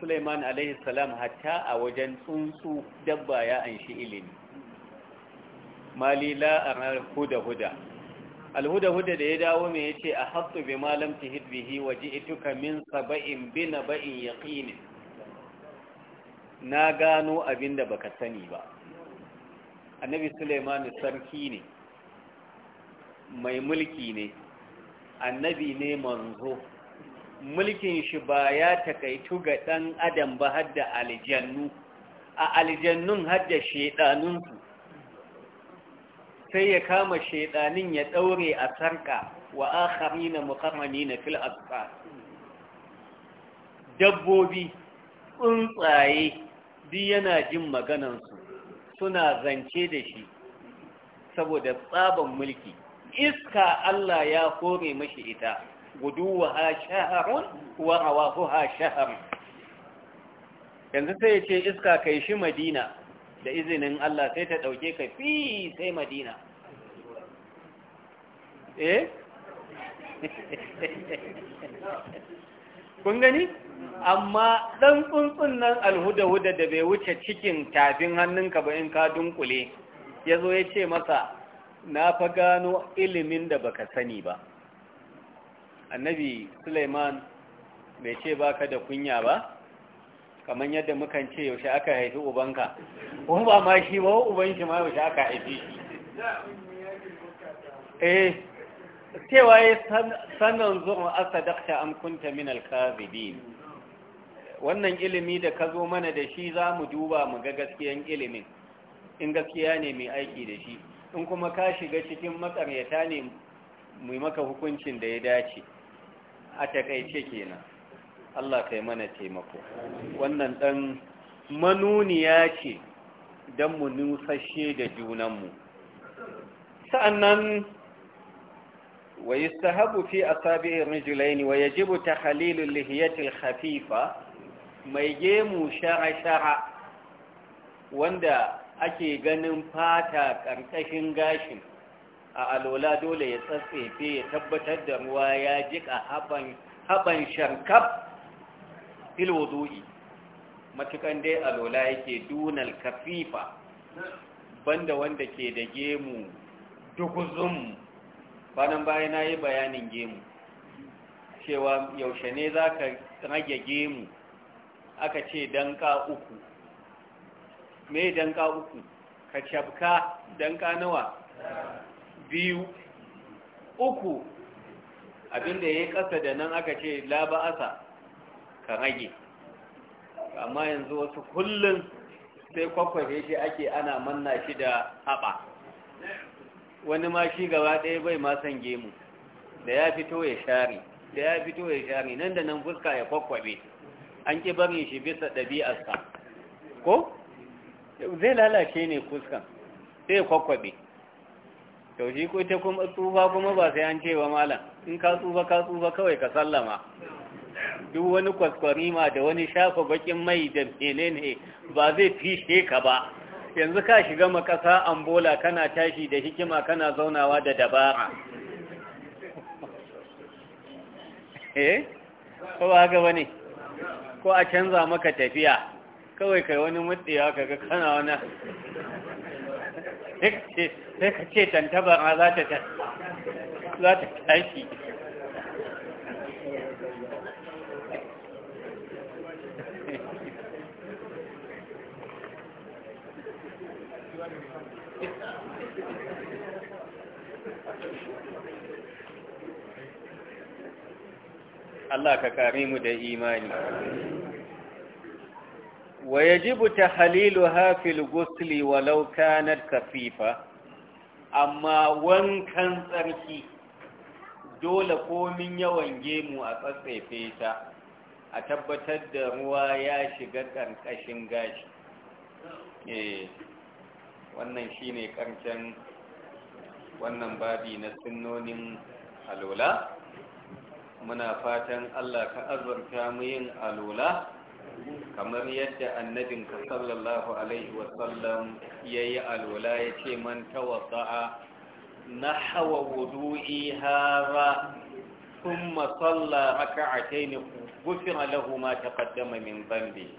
suleiman alaihi salam hatta a wajen tsuntsu dabba ya anshi ilimi mali la arar huda huda alhuda huda da ya dawo mai yace a hattu bi malam hidbihi waje ituka min saba'in bi naba'in yaqin na gano abinda baka sani ba annabi Suleimanu sarki ne mai mulki ne annabi ne manzo mulkin shi ba ya takaitu ga ɗan adam ba hadda aljannu a aljannun hadda shedanunsu sai ya kama shaidanin ya daure a sarka wa akharina na fil asfar dabbobi tsuntsaye duk yana jin maganansu suna zance da shi saboda tsaban mulki iska Allah ya kore mashi ita guduwa ha shaharun wa rawahu ha shahar yanzu sai ya ce iska kai shi madina da izinin Allah sai ta ɗauke ka fi sai madina eh [laughs] kun gani amma ɗan tsuntsun nan alhuda-huda da bai wuce cikin tafin hannunka ba in ka dunkule ya zo ya ce masa na fa gano ilimin da baka sani ba annabi suleiman bai ce baka da kunya ba kamar yadda mukan ce yaushe aka haifi ubanka wani ba ma shi ba uban shi ma yaushe aka haifi shi eh cewa ya sanan zuwa asadakta an kunta min alkazibin wannan ilimi da ka zo mana da shi za mu duba mu ga gaskiyan ilimin in gaskiya ne mai aiki da shi in kuma ka shiga cikin matsaryata ne mai maka hukuncin da ya dace a takaice kenan Allah kai mana taimako wannan ɗan manuniya ce don mu nusashe da junanmu sa'annan wa yi fi a sabi'in rijulaini wa ya jibu ta halilun lihiyatul hafifa mai gemu shara-shara wanda ake ganin fata ƙarƙashin gashin a alola dole ya tsatsefe ya tabbatar da ruwa ya jiƙa haɓan sharkaf fil wudu'i matukan dai alola yake dunal kafifa banda wanda ke da gemu dukuzum banan baya na yi bayanin gemu cewa yaushe ne za ka rage gemu aka ce danka uku me danka uku ka dan danka nawa biyu uku abinda ya yi ƙasa da nan aka ce la ba'asa. ka rage amma yanzu wasu kullum sai kwakwafe shi ake ana manna shi da haɓa wani ma shi gaba ɗaya bai ma san gemu da ya fito ya share da ya fito ya share nan da nan fuska ya kwakwabe an ƙi barin shi bisa ɗabi'arsa ko zai lalace ne fuskan sai ya kwakwabe taushi ko ta kuma tsufa kuma ba sai an ce wa malam in ka tsufa ka tsufa kawai ka sallama duk wani kwaskwarima da wani shafa bakin mai da menene ba zai fishe ka ba yanzu ka shiga makasa ambola kana tashi da hikima kana zaunawa da dabara eh ko ba haka ko a canza maka tafiya kawai kai wani mutsewa kaga kana wani [laughs] sai ka ce tantabara za ta tashi Allah ka kare mu da imani wa ya ji buta Halilu hafil ghusli walau kanat kafifa amma wankan tsarki dole komin yawan gemu a tsatsefe ta a tabbatar da ruwa ya shiga ƙarƙashin gashi eh. wannan shine karshen wannan babi na sunnonin alola muna fatan Allah ka azurta mu yin alola kamar yadda ka sallallahu alaihi wasallam ya yi alola ya ce man tawassa'a na hawa wudu'i hara ثم صلى ركعتين غفر له ma تقدم من ذنبه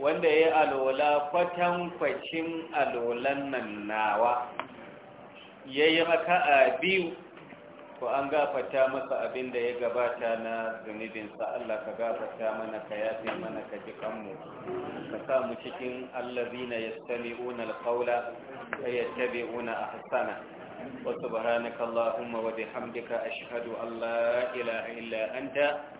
wanda ya yi alola kwatankwacin alolan nan nawa ya yi raka'a biyu ko an gafata masa abin da ya gabata na zunubinsa Allah ka gafata mana ka yafe mana ka ji kanmu ka sa mu cikin allazina yastami'una alqawla wa yattabi'una ahsana wa subhanaka allahumma wa bihamdika ashhadu an la ilaha illa anta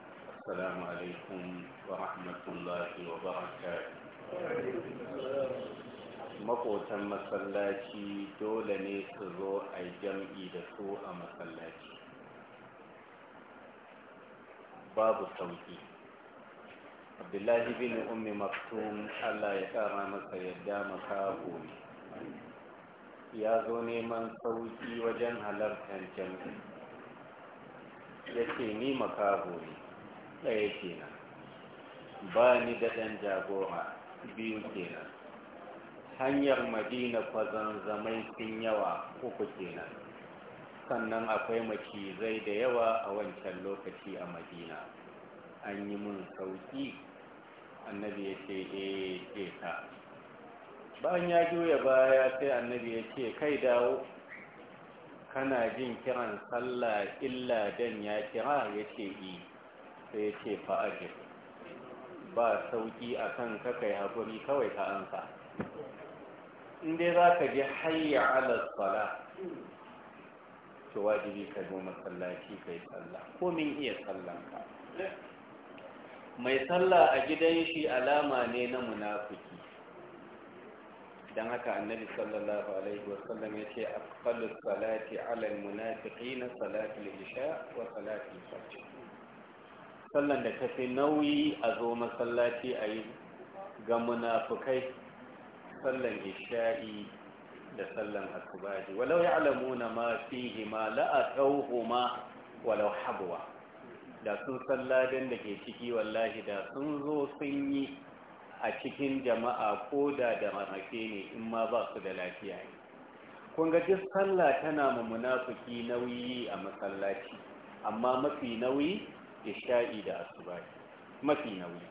السلام عليكم ورحمة الله وبركاته makotan masallaci dole ne su zo a jam'i da su a masallaci babu sauƙi. abdullahi bin ummi maktum allah ya kara masa yadda makaho ne ya zo neman sauƙi wajen halartar jam'i ya ce ni makaho ne ɗaya kenan ba ni da ɗan jagora biyu kenan hanyar madina zamai sun yawa uku kenan sannan akwai macizai da yawa a wancan lokaci a madina an yi mun sauki annabi ya ce eh ce bayan ya juya baya sai annabi ya ce kai dawo kana jin kiran sallah illa dan ya kira ya ce yi sai ce fa'aji ba sauki a kan kakai haƙuri kawai ka ansa inda za ka ji hayya alasfala to wajibi ka zo masallaci ka yi sallah ko min iya ka. mai sallah a gidan shi alama ne na munafiki don haka annabi sallallahu alaihi wasallam ya ce kallon salati alal munafiki na salatul isha wa salatul fajr sallan da ta fi nauyi a zo masallaci a yi ga munafukai sallan isha'i da sallan asubaji walau na ma yi ma la'atawhuma walau habuwa da sun salladin da ke ciki wallahi da sun zo sun yi a cikin jama'a ko da da mamake ne in ma ba su da lafiya ne kun ga duk sallah tana ma munafuki nauyi a masallaci amma mafi nauyi isha'i da asubahi mafi nauyi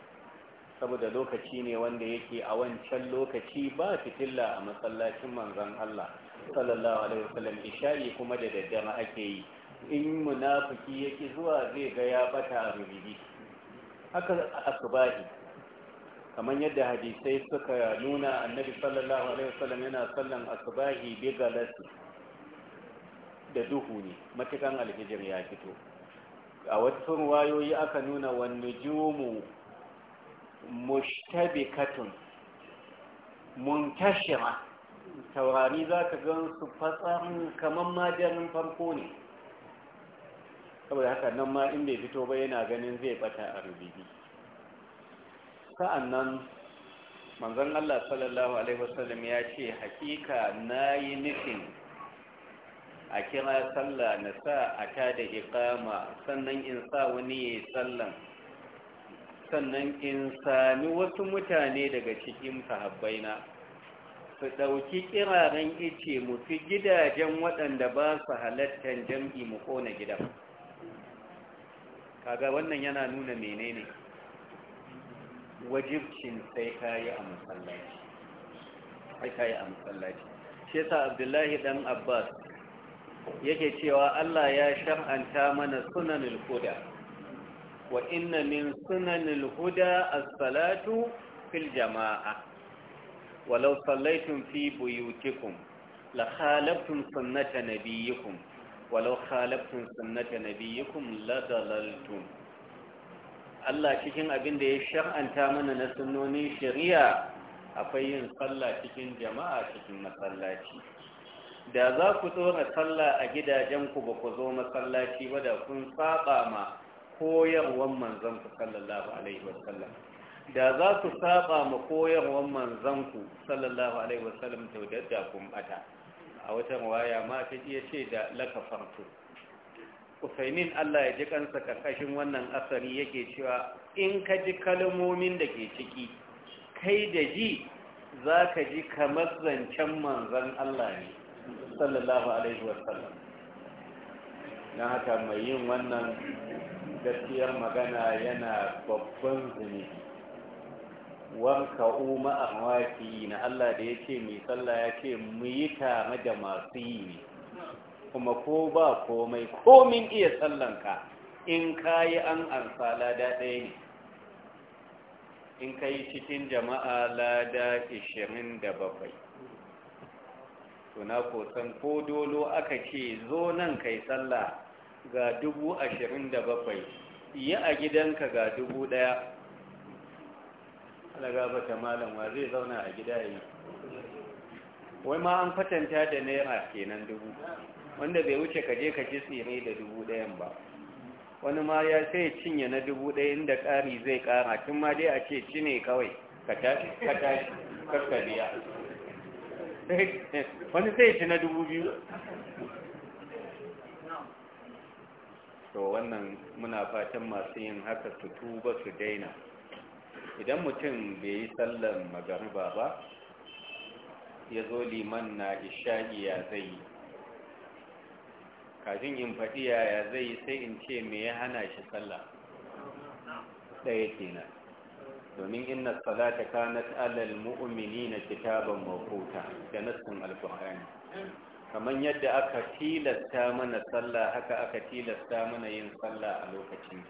saboda lokaci ne wanda yake a wancan lokaci ba fitilla a masallacin manzon Allah sallallahu alaihi wasallam isha'i kuma da daddama ake yi in munafiki yake zuwa zai ga ya bata a rubuci haka asubahi kamar yadda hadisai suka nuna annabi sallallahu alaihi wasallam yana sallan asubahi bigalasi da duhu ne matukan alhijir ya fito a wasu wayoyi aka nuna wani jumu mushtabikatun muntashira taurari za ka gan su fatsarin kamar majalin farko ne saboda haka nan ma in bai fito ba yana ganin zai bata a rubibi sa'annan manzan Allah sallallahu alaihi wasallam ya ce hakika yi nufin a kira sallah na sa a ta da ikama sannan in sa wani ya sallan sannan in sami wasu mutane daga cikin na su ɗauki kiraren ice mu fi gidajen waɗanda ba su halattar jam'i mu kona gidan kaga wannan yana nuna menene wajibcin sai ka yi a masallaci sai ka a masallaci shi yasa abdullahi ɗan abbas yake cewa Allah ya shar'anta mana sunanul huda wa inna min sunanul huda as-salatu fil jama'a walau sallaitum fi buyutikum la khalaftum sunnata nabiyikum walau khalaftum sunnata nabiyikum la dalaltum Allah cikin abin da ya shar'anta mana na sunnonin shari'a akwai yin sallah cikin jama'a cikin masallaci da za ku tsora sallah a gidajenku ba ku zo masallaci ba da kun saba ma koyarwan manzanku sallallahu alaihi wasallam da za ku saba ma koyarwan manzanku sallallahu alaihi wasallam to da kun bata a wata waya ma ta iya ce da lakafartu usaimin Allah ya ji kansa karkashin wannan asari yake cewa in ka ji kalmomin da ke ciki kai da ji za ka ji kamar zancen manzan Allah ne sallallahu alaihi wasallam na haka mai yin wannan gaskiyar magana yana babban zunubi wanka umar na allah da ya ce mai sallah ya ce mu yi tare da masu yi ne kuma ko ba komai komin iya sallanka in ka yi an ansa lada ɗaya ne in ka yi cikin jama'a lada 27 to na kosan ko dolo aka ce zo nan kai sallah ga dubu ashirin da bakwai yi a gidanka ga dubu ɗaya alaga bata malam wa zai zauna a gida yi wai ma an fatanta da naira kenan dubu wanda bai wuce kaje ka ji tsire da dubu ɗayan ba wani ma ya sai cinye na dubu ɗaya inda ƙari zai ƙara tun ma dai a ce cine kawai ka tashi ka tashi [laughs] wani sai na dubu biyu to wannan muna fatan masu yin haka su tuba su daina idan mutum bai yi sallar magariba ba ya zo liman na isha'i ya zai yi kafin in faɗi yaya zai yi sai in ce me ya hana shi sallar ɗaya kenan domin inna salata kanat alal mu'minina kitaban mawquta da nassin alqur'ani kaman yadda aka tilasta mana sallah haka aka tilasta mana yin sallah a lokacin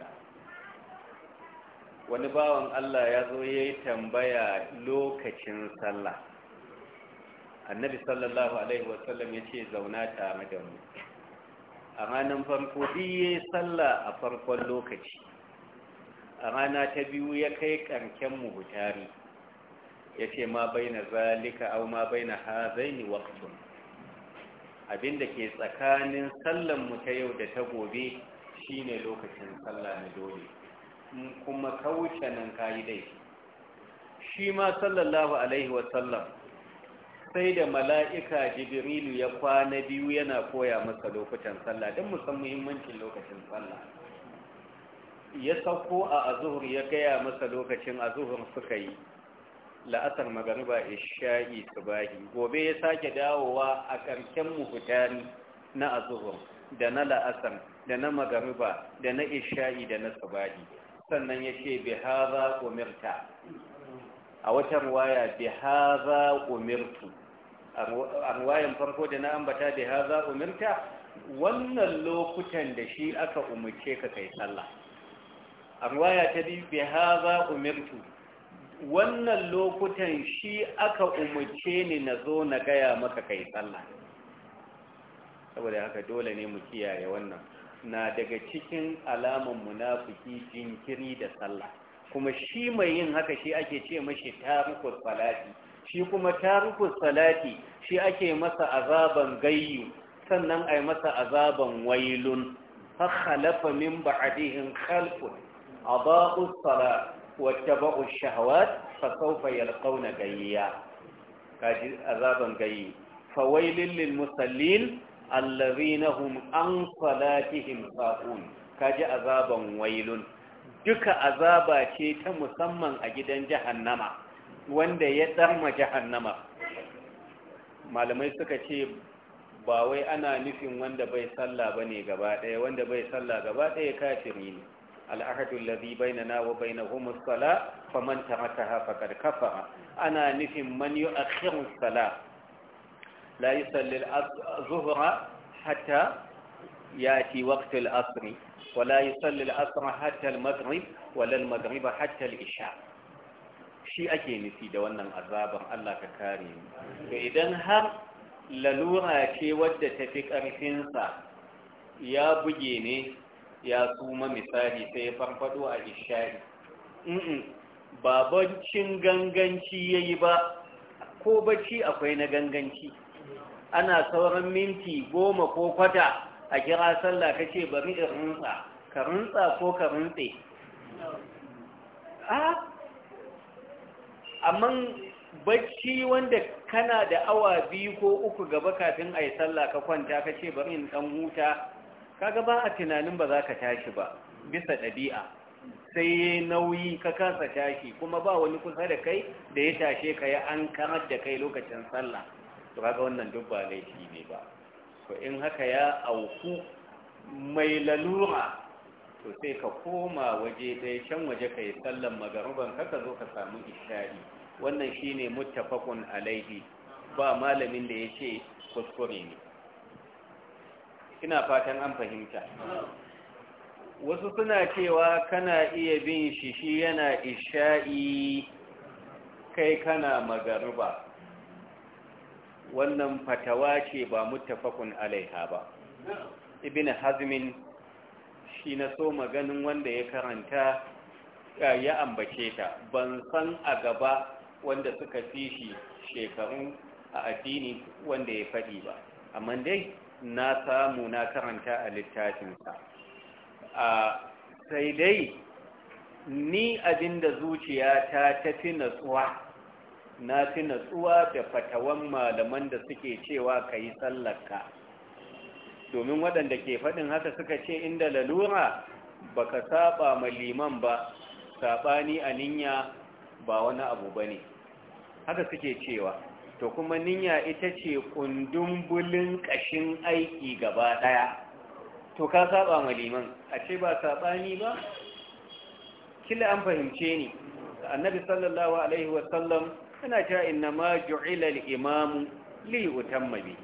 wani bawan Allah ya zo yayi tambaya lokacin sallah annabi sallallahu alaihi wasallam yace zauna tare da mu a ranar farko duk yayi sallah a farkon lokaci a rana ta biyu ya kai ƙarken muhutari ya ce ma bai na zalika au ma bai na hazaini waktun abinda ke tsakanin sallanmu ta yau da ta gobe shine lokacin sallah na dole kuma kawuce nan kayi dai shi ma sallallahu alaihi wasallam sai da mala'ika jibrilu ya kwana biyu yana koya masa lokutan sallah don musamman muhimmancin lokacin sallah ya sauko a azuhur ya gaya masa lokacin azuhur suka yi la'asar magariba isha'i subahi gobe ya sake dawowa a ƙarshen muhudani na azuhur da na la'asar da na magariba da na isha'i da na subahi sannan ya ce bi haza umirta a watan waya bi haza umirtu a wayan farko da na ambata bi haza umirta wannan lokutan da shi aka umarce ka kai sallah a ruwaya ta biyu bi haza umirtu wannan lokutan shi aka umarce ni na zo na gaya maka kai sallah saboda haka dole ne mu kiyaye wannan na daga cikin alaman munafiki jinkiri da sallah kuma shi mai yin haka shi ake ce mashi tarukus salati shi kuma tarukus salati shi ake masa azaban gayyu sannan ai masa azaban wailun fa khalafa min ba'dihim khalfun أضاءوا الصلاة واتبعوا الشهوات فسوف يلقون غيا كاجي عذابا غي فويل للمصلين الذين هم عن صلاتهم ساهون كاجي عذابا ويل duka azaba ce ta musamman a gidan jahannama wanda ya darma jahannama malamai suka ce ba wai ana nufin wanda bai sallah bane gaba ɗaya wanda bai sallah gaba ɗaya kafiri ne al'ahadu lazi bai na nawa bai na homo sala famanta mata hafa karkafa ana nufin manyu a kiran sala layi sallil zuhura hata ya ci waktil asiri wa layi sallil asiri hata al-madari walal madari ba hata isha shi ake nufi da wannan azabar allah ka kare idan har lalura ce wadda tafi ƙarfinsa ya buge ne ya suma misali sai ya farfado a ishari ba bacin ganganci ya yi ba ko bacci akwai na ganganci ana sauran minti goma ko kwata a kira sallah ka ce bari in rinsa ka rinsa ko ka A ah! amma bacci wanda kana da awa biyu ko uku gaba kafin a yi sallah ka kwanta ka ce bari in ɗan huta kaga ba a tunanin ba za ka tashi ba bisa ɗabi'a sai nauyi ka kasa tashi kuma ba wani kusa da kai da ya tashe ka ya an kamar da kai lokacin sallah to kaga wannan duk ba laifi ne ba to in haka ya auku mai lalura to sai ka koma waje ɗaya can waje ka yi sallan magaruban ka zo ka samu ishari wannan shine muttafaqun alaihi ba malamin da yace kuskure ne ina fatan an fahimta wasu suna cewa kana iya bin shi shi yana isha'i kai kana magaruba wannan fatawa ce ba mutafakun alaiha ba ibn hazmin shi na so maganin wanda ya karanta ya ambace ta ban san a gaba wanda suka fi shi shekaru a addini wanda ya faɗi ba amma dai na samu na karanta a littafinsa sai dai ni abinda zuciya ta tafi natsuwa na fi natsuwa da fatawan malaman da suke cewa ka yi tsallaka domin waɗanda ke faɗin haka suka ce inda lalura baka saba ma liman ba saɓani a ba wani abu ba ne haka suke cewa to kuma niyya ita ce bulin ƙashin aiki gaba ɗaya. to ka saba ma liman a ce ba saɓani ba kila an fahimce ni annabi sallallahu alaihi wasallam yana cewa inna ma ju'ila al-imamu li utamma bihi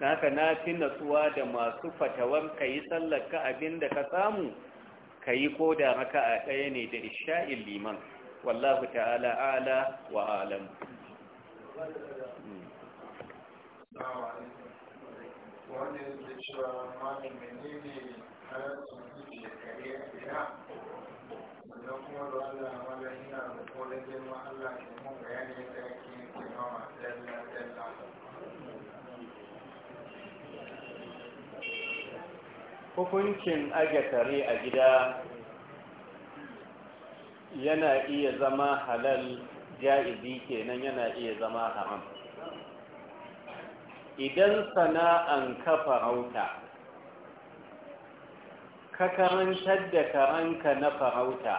haka na fi natsuwa da masu fatawar ka yi ka abin da ka samu ka yi ko da raka a ɗaya ne da isha'il liman wallahu ta'ala ala wa alam wanda menene halattun suke a gida kuma Allah ina da mun hukuncin aje kare a gida yana iya zama halal ja'izi kenan yana iya zama haram idan sana'an ka farauta ka karantar da karanka na farauta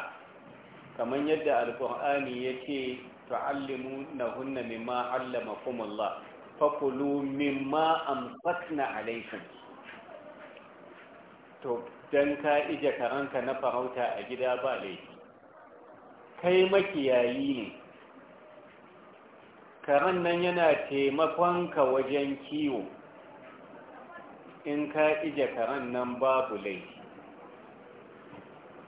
kamar yadda alkur'ani yake ce tu'allimu na hunna mimma allama kumallah fakulu mimma amsakna alaykum to dan ka ije karanka na farauta a gida ba laifi kai makiyayi ne karen nan yana taimakonka wajen kiwo in ka ije karen nan babu laifi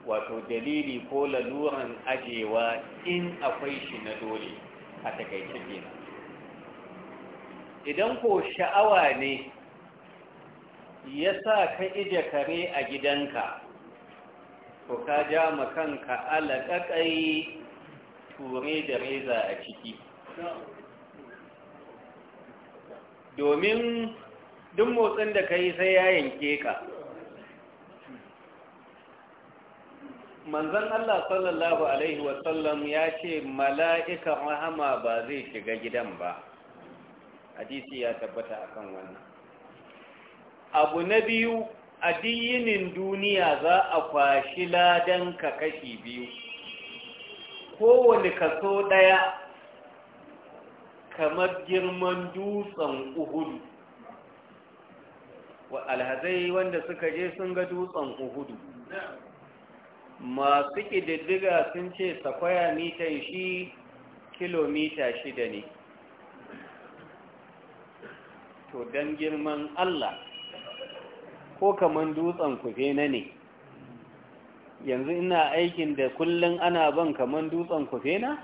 wato dalili ko laluran ajewa in akwai shi na dole a takaice kenan idan ko sha'awa ne ya sa ka ije kare a gidanka ko ka ja ma makanka alaƙaƙai ture da reza a ciki domin duk motsin da ka yi sai ya yanke ka Manzon Allah sallallahu Alaihi wasallam ya ce mala'ika rahama ba zai shiga gidan ba hadisi ya tabbata akan wannan abu na biyu a duniya za a kwashi ladan ka kashi biyu kowane kaso ɗaya kamar girman dutsen uhudu wa alhazai wanda suka je sun ga dutsen uhudu masu ƙididdiga sun ce sakwaya mitan shi kilomita shida ne to don girman Allah ko kaman dutsen kufe na ne yanzu ina aikin da kullum ana ban kaman dutsen kufe na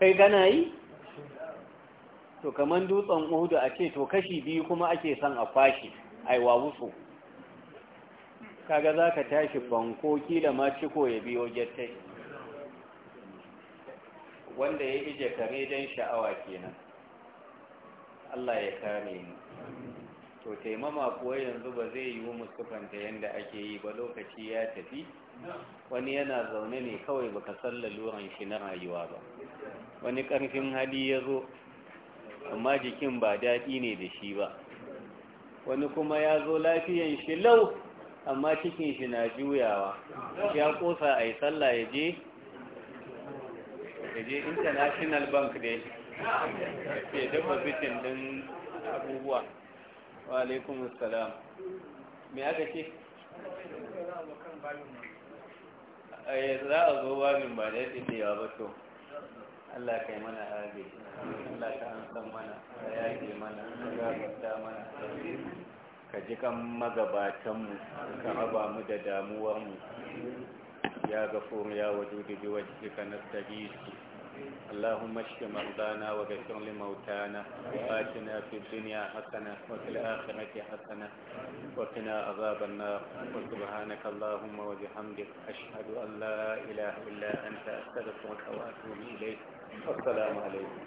kai gana yi to kaman dutsen uhudu a ce to kashi biyu kuma ake son a fashi aiwa wuso kaga za ka tashi banko da maciko ya biyo jettai wanda ya ije kare don sha'awa kenan Allah ya kare ni to taimama kuwa yanzu ba zai yi musufanta yadda ake yi ba lokaci ya tafi wani yana zaune ne kawai baka san laluran shi na rayuwa ba wani karfin hali ya zo amma jikin ba daɗi ne da shi ba wani kuma ya zo lafiyan shi lau amma cikin shi na juyawa ya ƙosa a yi sallah ya je ya je international bank dai Ya dafa bitin din abubuwa wa alaikum salam me aka ce eh, za a zo babin ba da ya ba Allah ka yi mana hage Allah ka an san mana ka yage mana ka gabata mana ka ji kan magabatanmu ka raba mu da damuwarmu ya gafuru ya wajudu bi wajhika nastaghithu اللهم اشف مرضانا وغفر لموتانا وآتنا في الدنيا حسنة وفي الآخرة حسنة وقنا عذاب النار وسبحانك اللهم وبحمدك أشهد أن لا إله إلا أنت أستغفرك وأتوب إليك assalamu alaikum